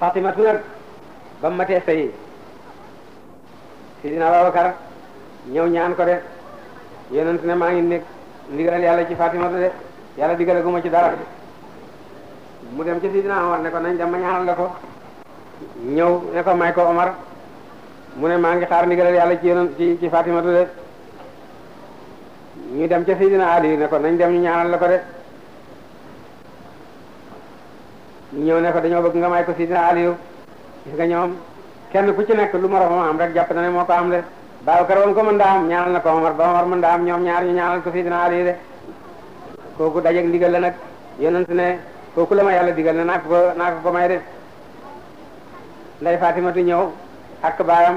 Fatimatu nag ba mu matee sëy Sidina Babacar ñëw ñaan ko de yonent ne maa ngi nekk ndigalal yàlla ci Fatimatu de yàlla digalaguma ci dara mu dem ci Sidina Omar ne ko nañ dem ma ñaanal la ko ñëw ne ko may ko Omar mu ne maa ngi xaar ndigalal yàlla ci yonent ci ci Fatimatu de ñu dem ca Sidina Ali ne ko nañ dem ñu ñaanal la ko de ñu ñëw ne ko dañoo bëgg nga may ko Sidina Aliyu gis nga ñoom kenn ku ci nekk lu moroomam am rek jàpp na ne moo ko am de Babacar woon ko mën daa am ñaanal na ko Omar ba Omar mën am ñoom ñaar ñu ñaanal ko Sidina Aliyu de kooku dajeeg ndigal la nag yonent ne kooku la ma yàlla digal ne naa ko ko naa ko ko may de nday Fatimatu ñëw ak baayam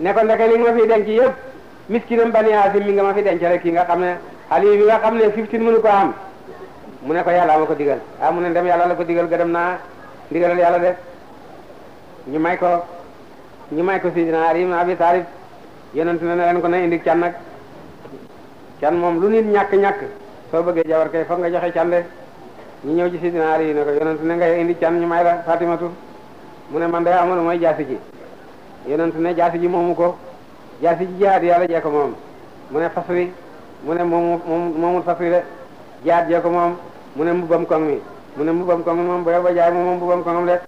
ne ko ndeke li nga ma fi denc yëpp miskinam Bani Haasim mi nga ma fi denc rek ki nga xam ne Aliyu bi nga ne fifteen mënu mu ne ko yàlla ma ko digal ah dem yàlla la ko digal dem naa ndigalal yàlla de ñu may ko ñu may ko sidina Ali ibn Abi Talib yonent na ne leen ko na indi can nag can moom lu nit ñàkk-ñàkk soo bëggee jabar kay foog nga joxe can de ñu ñëw ci sidina Ali ne ko yonent ne nga indi can ñu may la Fatimatu mu ne man de amul mooy jaasi ji yonent ne ji moomu ko jaasi ji yàlla jee ko moom mu ne fas wi mu ne moomu fas wi de jihaad jee ko moom mu ne mbubam koŋ mi mu ne mbubam koŋ mi moom bu ba jaay moom mbubam koŋam lekk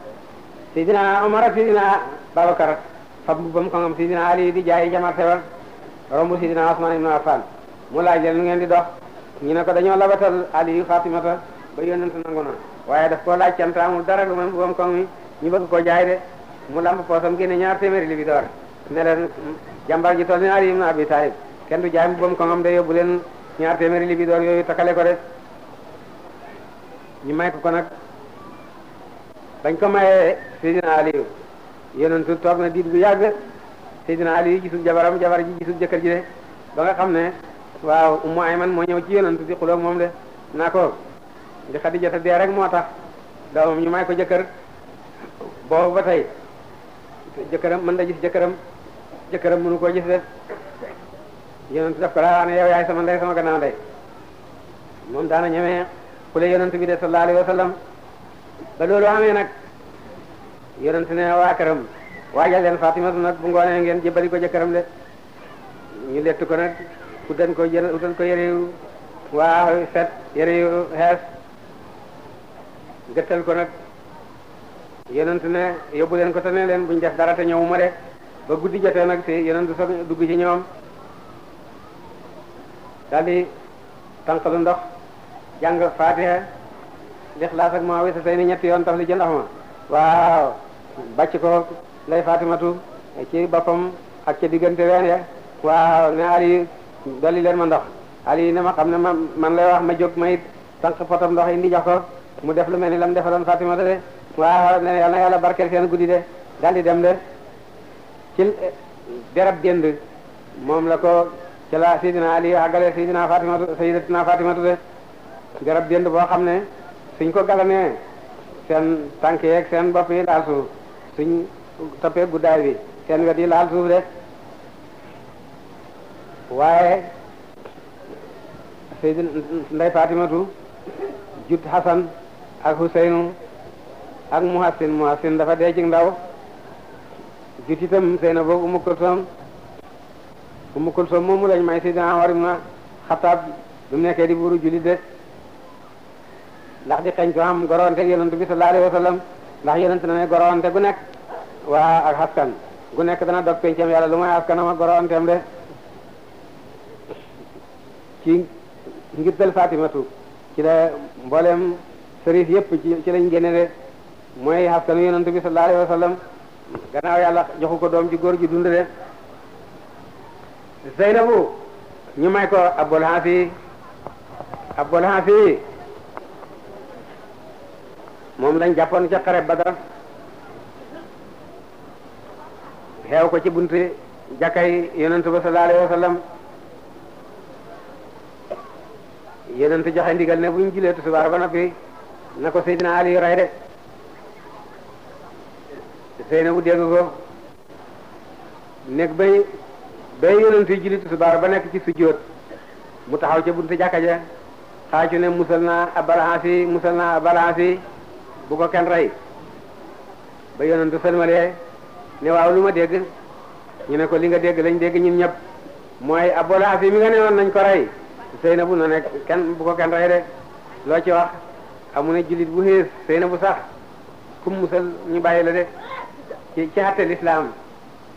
sidina Omar ak sidina Babacar fab mbubam koŋam sidina Ali di jaay jamarte ba romb sidina Osman ibn Affan mu laaj leen nu ngeen di dox ñu ne ko dañoo labatal Ali Fatimata ba yonent nangu na waaye daf koo laaj cant amul dara lu mel mbubam koŋ mi ñu bëgg ko jaay de mu lamb poosam génne ñaar téeméeri li bi door ne leen jàmbar ji toll ni kenn du jaay mbubam koŋam de leen ñaar téeméeri li bi yooyu takkale ko ñu may ko ko nag bañ ko may Seydina Aliyu yonentu toog na diir bu yàgg Seydina Aliyu gisul jabaram jabar ji gisul jëkkër ji de ba nga ne waaw Ummu Ayman moo ñëw ci yonentu di xuloog moom de naa ko di Xadijata dee rek moo tax doomam ñu may ko jëkkër boobu ba tey jëkkëram man da gis jëkkëram jëkkëram mënu koo gis de yonentu daf ko daa wax ne yow yaay sama ndey sama gannaaw ndey moom daana ñemee ku la yonent bi de sallallahu alayhi wa sallam ba loolu amee nag yonent ne waa këram waajal leen Fatimatu nag bu ngoonee ngeen jëbbali ko jëkkëram de ñu lettu ko nag utan ko jël utan ko yére yu waa set yére yu xees gëttal ko nag yonent ne yóbbu leen ko te ne leen buñ def dara te ñëwuma de ba guddi jotee nag si yonent soog dugg ci ñoom daldi tànqalu ndox jàng fatiha lixlaas ak maa wisa tay ni ñetti yoon taf li jënd axma waaw bàcc ko lay fatimatu eh, ci boppam ak ca diggante ween ya waaw ne ali dolli leen ma ndox ali ne ma xam ne ma man lay wax ma jóg may sànq potam ndox indi jox ko mu def lu mel ni lam defaloon fatimatu de waaw ne yàlla na yàlla barkeel seen guddi de daal dem de ci eh, derab génd moom la ko ci la sidina ali àggale sidina fatimatu sidatina fatimatu de garab jënd boo xam ne suñ ko galanee seen tànk yeeg seen bopp yi laal suuf suñ toppee guddaay bi seen wet laal suuf de waaye Seydi Ndey Fatimatu jut Hasan ak Huseynu ak Muhasin Muhasin dafa dee ci ndaw jut itam Seyna boobu Umu Kulsum Umu Kulsum moomu lañ may Seydina Umar ibn Xattaab bi mu di buuru jullit de ndax di xeeñ ko am goronte yonent bi sallallahu alayhi wa sallam ndax na ne goronte gu nekk waa ak askan gu dana dog pencam yàlla lu mooy askanam ak goronteem de ci ngittal Fatimatu ci la mboolem sëriif yépp ci lañ génne de mooy askanu yonent bi sallallahu alayhi wa sallam gannaaw yàlla joxu ko doom ji góor ji dund de Zeynabu ñu may ko Abul Hafi Abul Hafi moom lañ jàppoon ca xare Badar xeew ko ci buntu jàkkay yonent ba sallallahu alayhi wa sallam yonent joxe ndigal ne buñ julee tusubaar ba noppi na ko Seydina Ali rey de Seynabu dégg ko nekk bay bay yonent yi tusubaar ba nekk ci sujjóot mu taxaw ca buntu jàkka ja xaacu ne musal naa abalaansi musal naa abalaansi bu ko kenn rey ba yonentu sëlmalee ne waaw lu ma dégg ñu ne ko li nga dégg lañ dégg ñun ñëpp mooy abola fi mi nga ne woon nañ ko rey bu na nekk kenn bu ko kenn rey de loo ci wax amu ne jullit bu xees Seynabu sax kum musal ñu bàyyi la de ci ci àtte lislaam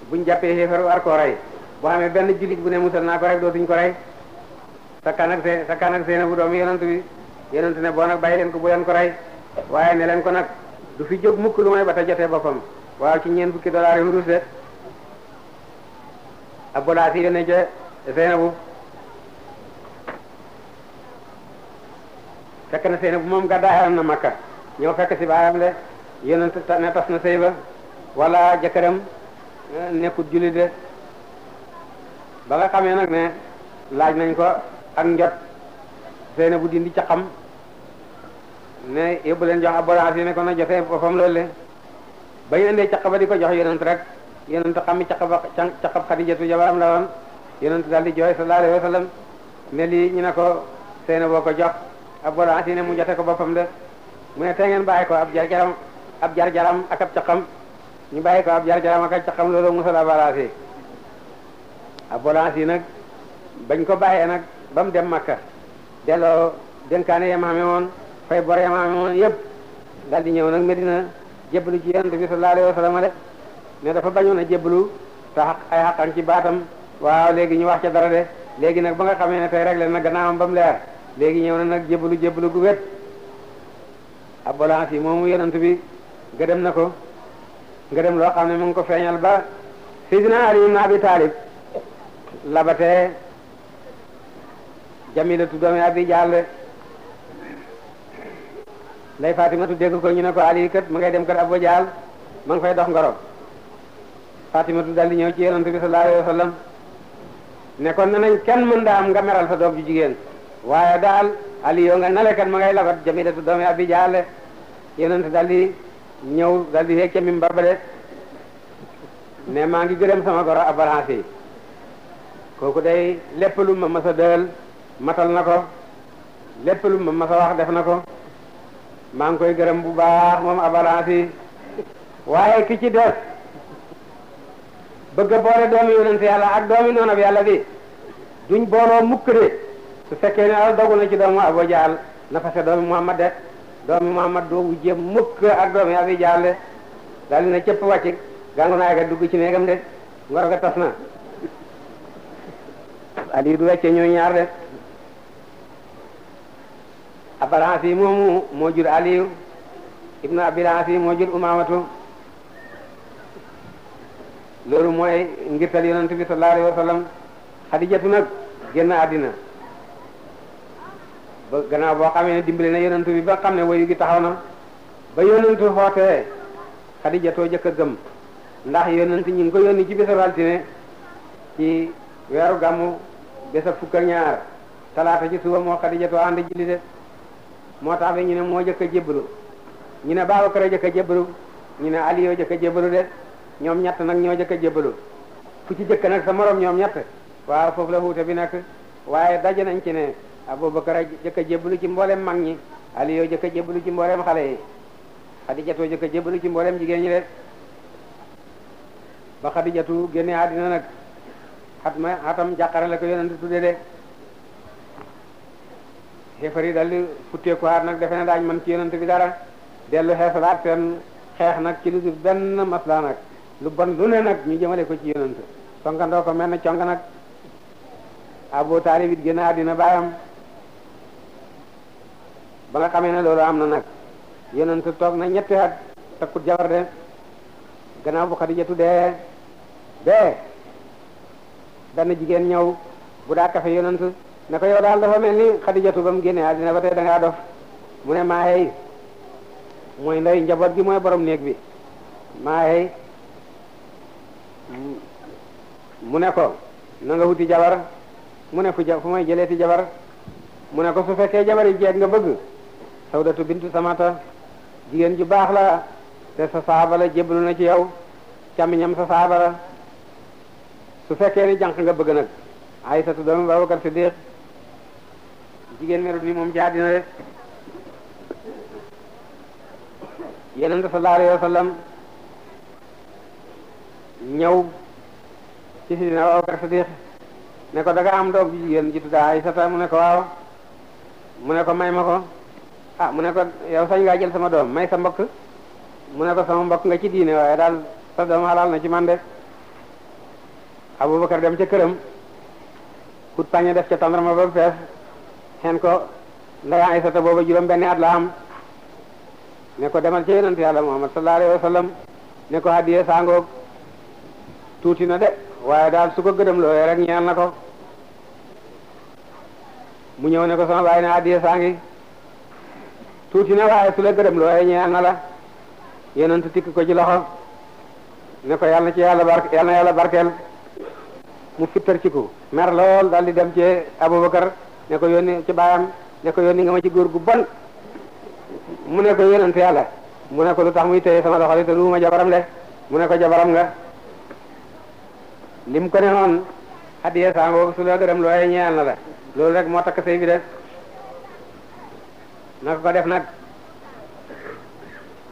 buñ jàppee xeefar war koo rey boo xamee benn jullit bu ne musal naa ko rek dootuñ ko rey sakkan ak Seynabu doomu yonent bi yonent ne boo nag bàyyi leen ko bu leen ko rey waaye ne leen ko nag du fi jóg mukk lu may ba te jotee boppam waaw ci ñeen fukki dollar yi wurus de ab bolaas yi dana je Seynabu fekk na Seynabu moom gàddaayaram na Makka ñëw fekk si baayam de yonent ne tas na sëy ba wala jëkkëram eh, nekkut jullit de ba nga xamee nag ne laaj nañ ko ak njot Seynabu dindi ca xam ne yóbbu leen jox Abu Lahab ne ko na joxe boppam loolu le ba ñu indee caq ba di ko jox yonent rek yonent xam ni caq ba caqab Xadijatu jabaram la woon yonent daal di jooy sallallahu alayhi wa sallam ne lii ñu ne ko seena boo ko jox Abu Lahab ne mu jote ko boppam de mu ne tey ngeen bàyyi ko ab jarjaram ab jarjaram ak ab caqam ñu bàyyi ko ab jarjaram ak ab caqam loolu musal Abu Lahab Abu Lahab nag bañ ko bàyyee nag ba dem Makka delloo dénkaane yam xame woon fay bor yam amoon yëpp di ñëw nag Medina jébbalu ci yonent bi sallallahu alayhi wa sallam de mais dafa bañoon a jébbalu te xaq ay xaqan ci baatam waaw léegi ñu wax ca dara de léegi nag ba nga xamee ne tey réglé nag gannaawam ba mu leer léegi ñëw na nag jébbalu jébbalu gu wét abolance yi moomu yonent bi dem na ko dem loo xam ne mu ngi ko feeñal ba Sidina Ali ibn Abi Talib labatee Jamilatu doomi Abi Jahl lay fatimatu dégg ko ñu ne ko ali kat ma ngay dem kër Abu Jaal ma nga fay dox ngoro fatimatu daldi ñëw ci yonent bi sallallahu alayhi wa sallam kenn mën daa am nga meral sa doom ju jigéen waaye daal ali yoo ma ngay labat jamidatu doomi Abi Jaal yonent daldi ñëw daldi yegg ca mimbar ba de ne maa ngi gërëm sama goro abalance kooku day lépp lu ma masa dël matal na ko lépp lu ma masa wax def na ko maa ngi koy gërëm bu baax moom abalance yi waaye ki ci des bëgg a boole doomi yonent yàlla ak doomi noonab yàlla bi duñ booloo mukk de su fekkee ne al dogu na ci doomu Abu Jahl na doomi Muhammad de doomi Muhammad doo wujje mukk ak doomi Abi Jahl de daal dina cëpp wàcc gàngu naa ga dugg ci néegam de ngoro ga tas na ali du wecce ñoo ñaar de abal aasi moomu moo jur aliyu ibnu abil moo jur umamatu loolu mooy ngirtal yonent bi sallallahu alayhi wa xadijatu nag génn àddina ba gannaaw boo xamee ne dimbali na yonent bi ba xam ne wayu gi taxaw na ba yonent xootee xadijatoo jëkk gëm ndax yonent ñu ngi ko yónni ci bésab altine ci weeru gàmmu bésab fukk ñaar talaata ci suba moo xadijatoo ànd julli de moo tax ñu ne moo jëkk a jébbalu ñu ne Babacar a jëkk a jébbalu ñu ne Ali yoo jëkk jébbalu de ñoom ñett nag ñoo jëkk a jébbalu ku ci jëkk nag sa morom ñoom ñett waaw foofu la wuute bi nag waaye daje nañ ci ne Abubakar a jëkk a jébbalu ci mboolem mag ñi Ali yoo jëkk a jébbalu ci mboolem xale yi Xadijatu jëkk jébbalu ci mboolem jigéen ñi de ba Xadijatu génne àddina nag xat ma xatam jàqare la ko yonent tudde de xeefar yi daldi futteeku xaar nag defe ne daañ mën ci yonent bi dara dellu xeesalaat seen xeex nag ci lu dul benn masla nag lu bon lu ne nag ñu jëmale ko ci yonent sonkandoo ko mel na cong nag Abu Taalib it génn àddina baayam ba nga xamee ne loolu am na nag yonent toog na ñetti at takkut jabar de gannaaw bu Xadijatu dee bee benn jigéen ñaw bu daa kafe yonent ne ko daal dafa mel ni xadijatu ba mu génnee àddina ba tey da dof mu ne maa mooy ndey njaboot gi mooy borom néeg bi maa mu ne ko na nga wuti jabar mu ne fu ja fu jëlee jëleeti jabar mu ne ko su fekkee jabar yi jeet nga bëgg sawdatu bintu samata jigéen ju baax la te sa saaba la na ci yow càmmiñam sa saaba la su fekkee ni jànq nga bëgg nag aysatu doomu babacar siddiq jigéen melut ni moom ci àddina rek yonent sallallahu alayhi wa sallam ñëw ci sidina Abubakar Sadiq ne ko da nga am doom ji jigéen ji sa Aysata mu ne ko waaw mu ne ko may ma ko ah mu ne ko yow sañ ngaa jël sama doom may sa mbokk mu ne ko sama mbokk nga ci diine waaye daal sa doom xalaal na ci man de Abubakar dem ca këram kut pañe def ca tàndarma ba fees xen ko ndaya Aysata booba juróom benni at la am ne ko demal ci yonent yàlla Muhammad sallallahu alayhi wa sallam ne ko hadiye sangoog tuuti na de waaye daal su ko gërëm looyee rek ñeel na ko mu ñëw ne ko sama bàyyi na hadiye sangi tuuti na waaye su la gërëm looyee ñeel na la yonent tikk ko ci loxo ne ko yàlla ci yàlla barke yàlla na barkeel mu fittar ci ku mer lool daal di dem ci Abubakar ne ko yónni ci baayam ne ko yónni nga ma ci góor gu bon mu ne ko yónnante yàlla mu ne ko lu tax muy téye sama loxo li te luuma jabaram le mu ne ko jabaram nga lim ko ne noon hadiya sango su la gërëm looy ñeyal na la loolu rek moo takk sa bi na ko def nag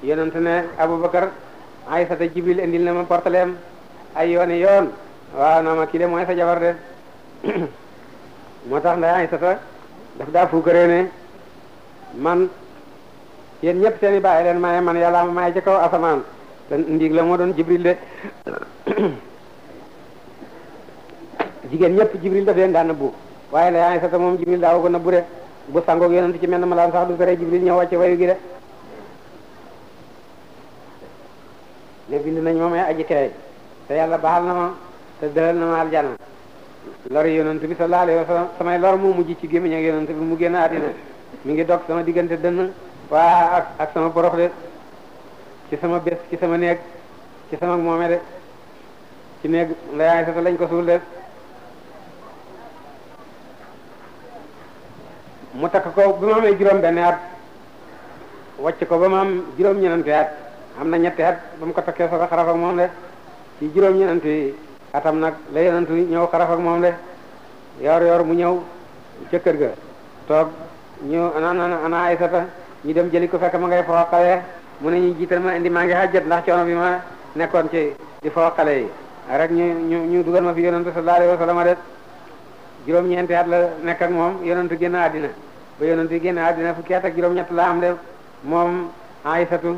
yonent ne Abubakar Aysata Jibril indil na ma portaleem ay yooni yoon waaw na ma kii de mooy sa jabar de moo tax nday Aysata daf daa fuukaree ne man yéen ñëpp seen i bàyyi leen maye man yàlla ma maye ci kaw asamaan te ndiig la moo doon jibril de jigéen ñëpp jibril daf leen daan nëbbu waaye nday Aysata moom jibril daaw ko nëbbu de bu sangoog yonent ci mel na ma laam sax du tere jibril ñëw wàcce wayu gi de ne nañ ma may aji teey te yàlla baal na ma te dalal na ma aljana lori yonent bi sallallahu alayhi wa sallam samay lor moo mujj ci gémmiñ ak yonent bi mu génn àddina mi ngi dog sama diggante dënn waa ak sama borox de ci sama bés ci sama néeg ci sama moome de ci néeg layaay sa lañ ko suul de mu takk ko bi ma amee juróom benn at wàcc ko ba ma am juróom ñenante at am na ñetti at ba mu ko takkee soo ko xaraf moom de ci juróom ñenante atam nag la yonentu ñëw xaraf moom de yor yor mu ñëw ca kër ga toog ñu ana ana Aysata ñu dem jëli ko fekk ma ngay foo xale mu ne ñu jiital ma indi maa ngi xajjat ndax coono bi ma nekkoon ci di foo xale yi rek ñu ñu ñu dugal ma fi yonentu sallallahu alayhi de juróom-ñeenti at la nekkat moom yonentu génn àddina ba yonentu génn àddina fukki at ak juróom-ñett la am de moom Aysatu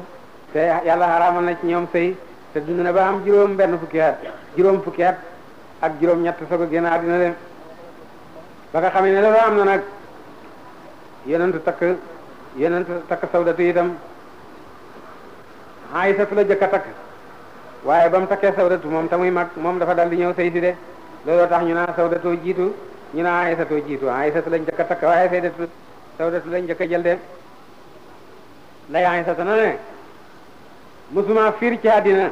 te yàlla xaraamal na ci ñoom sëy te dund na ba am juróom benn fukki at juróom fukki at ak juróom ñett soog a génn àddina de ba nga xam ne loolu am na nag yonentu takk yeneen yonentu takk sawdatu itam Aysatu la jëkk a takk waaye ba mu takkee sawdatu moom tamuy mag moom dafa dal di ñëw sëy si de looloo tax ñu naa sawdatoo jiitu ñu naa Aysatoo jiitu Aysatu lañ jëkk a takk waaye sawdatu sawdatu lañ jëkk jël de lay Aysatu na ne musuma fiir ci àddina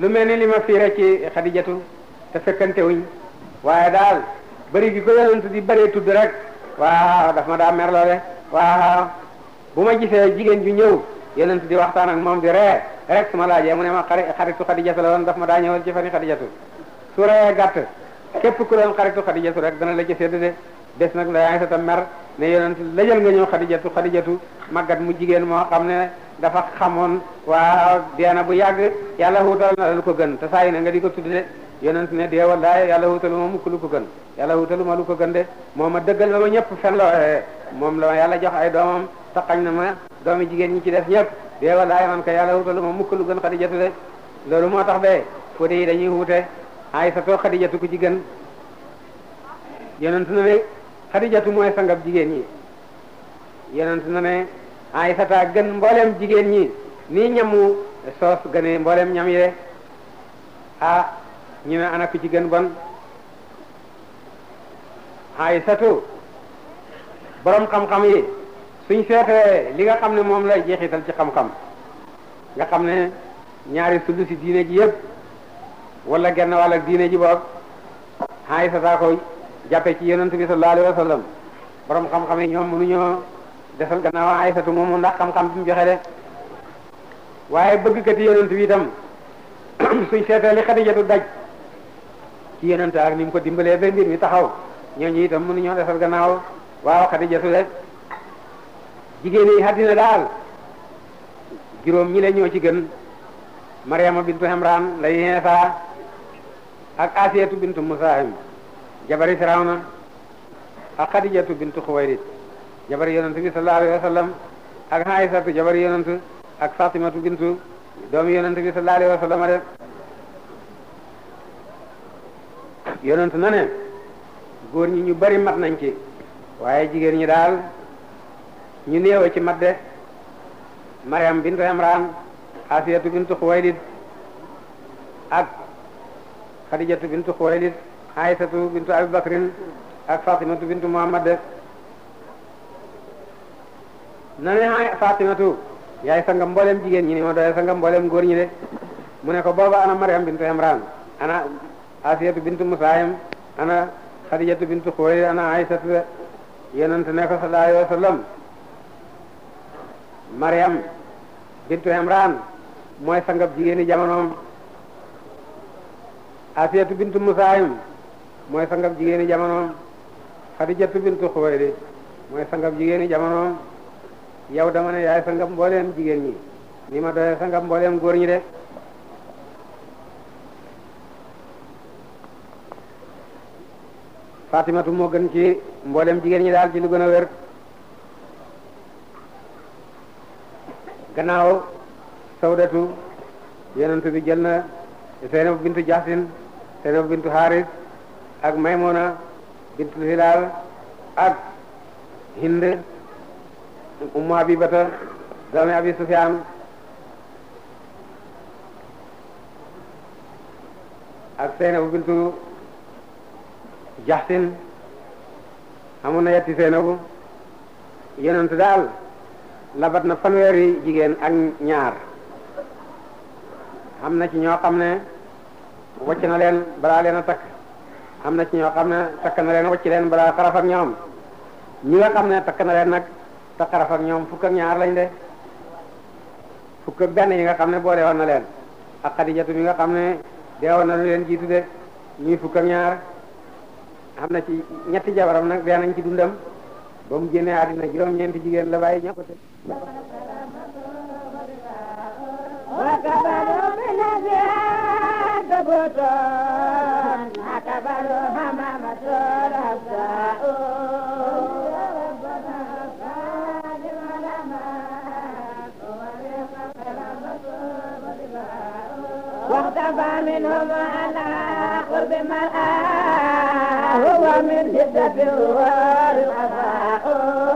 lu mel ni li ma fiire ci xadijatu te fekkante wuñ waaye daal bëri gi ko yonent di bëree tudd rek waaw daf ma daa merlole waaw bu ma gisee jigéen ju ñëw yonent di waxtaan ak moom di ree rek su ma laajee mu ne ma xari xaritu xadijatu la woon daf ma daa ñëwal ci fani xadijatu su ree gàtt képp ku doon xaritu xadijatu rek dana la ci sedd de des nag la yaay sa tam mer ne yonent lajal nga ñëw xadijatu xadijatu màggat mu jigéen moo dafa xamoon waa deena bu yàgg yàlla wutal na lu ko gën te saa yi nga di ko tuddee yonent ne dee wallaay yàlla wutalu ma mukk lu ko gën yàlla wutalu ma lu ko gën de moo ma dëggal ba ma ñëpp fen looyee eh, moom la ma yàlla jox ay doomam taxañ na ma doomi jigéen ñi ci def ñëpp dee wallaay man ko yàlla wutalu ma mukk lu gën xadijatu de loolu moo tax bee fóote yi dañuy wute ay sa too xadijatu ko ci gën yonent na ne xadijatu mooy sangab jigéen ñi Aysata gën mboolem jigéen ñi ni ñamu soos gënee mboolem ñam yi de ah ñu ne ana ku ci gën bon Aysatu borom xam-xam yi suñ seetee li nga xam ne moom lay jeexital ci xam-xam nga xam ne ñaari sulu si diine ji yëpp wala genn wàll ak diine ji boog Aysata ko jàppe ci yonent bi sallallahu alayhi wa borom xam-xam yi ñoom mënuñoo desal gannaaw aysatu moomu ndax xam-xam bi mu joxe de waaye bëggkati yonent bi itam suñ seetee li xadijatu daj ci yonent ak ni mu ko dimbalee ba mbir mi taxaw ñooñu itam mënu ñoo desal gannaaw waaw xadijatu de jigéen yi daal juróom ñi la ñoo ci gën mariama bintu hemran lay heesa ak asiyatu bintu musahim jabari firawna ak xadijatu bintu xuwayrit jabar yonent bi sallallahu alayhi wa sallam ak Aysatu jabar yonent ak Fatimatu bintu doomi yonent bi sallallahu alayhi wa de yonent na ne góor ñi ñu bari mat nañ ci waaye jigéen ñi daal ñu néew ci mat de Mariam bintu Imran Asiyatu bintu Xuwaylid ak Xadijatu bintu Xuwaylid Aysatu bintu Abi Bakrin ak Fatimatu bintu Muhammad de na ne hay Fatimatu yaay sanga mboolem jigéen ñi ni ma doy sanga mboolem góor ñi de mu ne ko booba ana Maryam bintu Imran ana Asiyatu bintu Musayim ana Khadijatu bintu Khuwaylid ana Aysatu de yonent ne ko sallallahu alayhi wa bintu Imran mooy sangab jigéeni jamonoom Asiyatu bintu Musayim mooy sangab jigéeni jamonoom Khadijatu bintu Khuwaylid mooy sangab jigéeni jamonoom yow dama ne yaay sangam mbooleem jigéen ñi ni ma doyee sangam mbooleem góor ñi de Fatimatu moo gën ci mbooleem jigéen ñi daal ci lu gën a wér gannaaw sawdatu yonent bi jël na Zeynab bintu Jahsin Zeynab bintu Haris ak Maymuna bintu Hilal ak Hind ummu habibata doomi abi sufyaan ak seynabu bintu jaxsin amoon na yetti seynabu yonent daal labat na fanweeri jigéen ak ñaar am na ci ñoo xam ne wacc na leen balaa leen a takk am na ci ñoo xam ne takk na leen wacc leen balaa xaraf ak ñoom ñi nga xam ne takk na leen nag te xaraf ñoom fukk ñaar lañ de fukk benn yi nga xam ne boole woon na leen ak xadijatu yi nga xam ne deewoon na lu leen jiitu de ñuy fukk ñaar xam na ci ñetti jabaram nag dee nañ ci dundam ba mu génnee àddina juróom-ñeenti jigéen la bàyyi ñoo te واختفى منهم على قرب مرآه ومن شدة الغار العفاء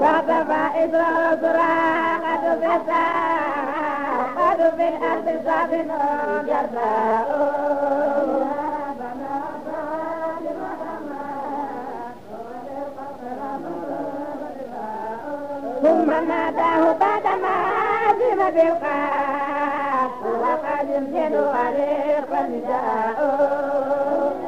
وهدف إدرار الزراع قد في السماء قد في الأرض صابن جزاء ثم ناداه بعدما عزم بالقاف وقد امتنوا عليه قد جاءوا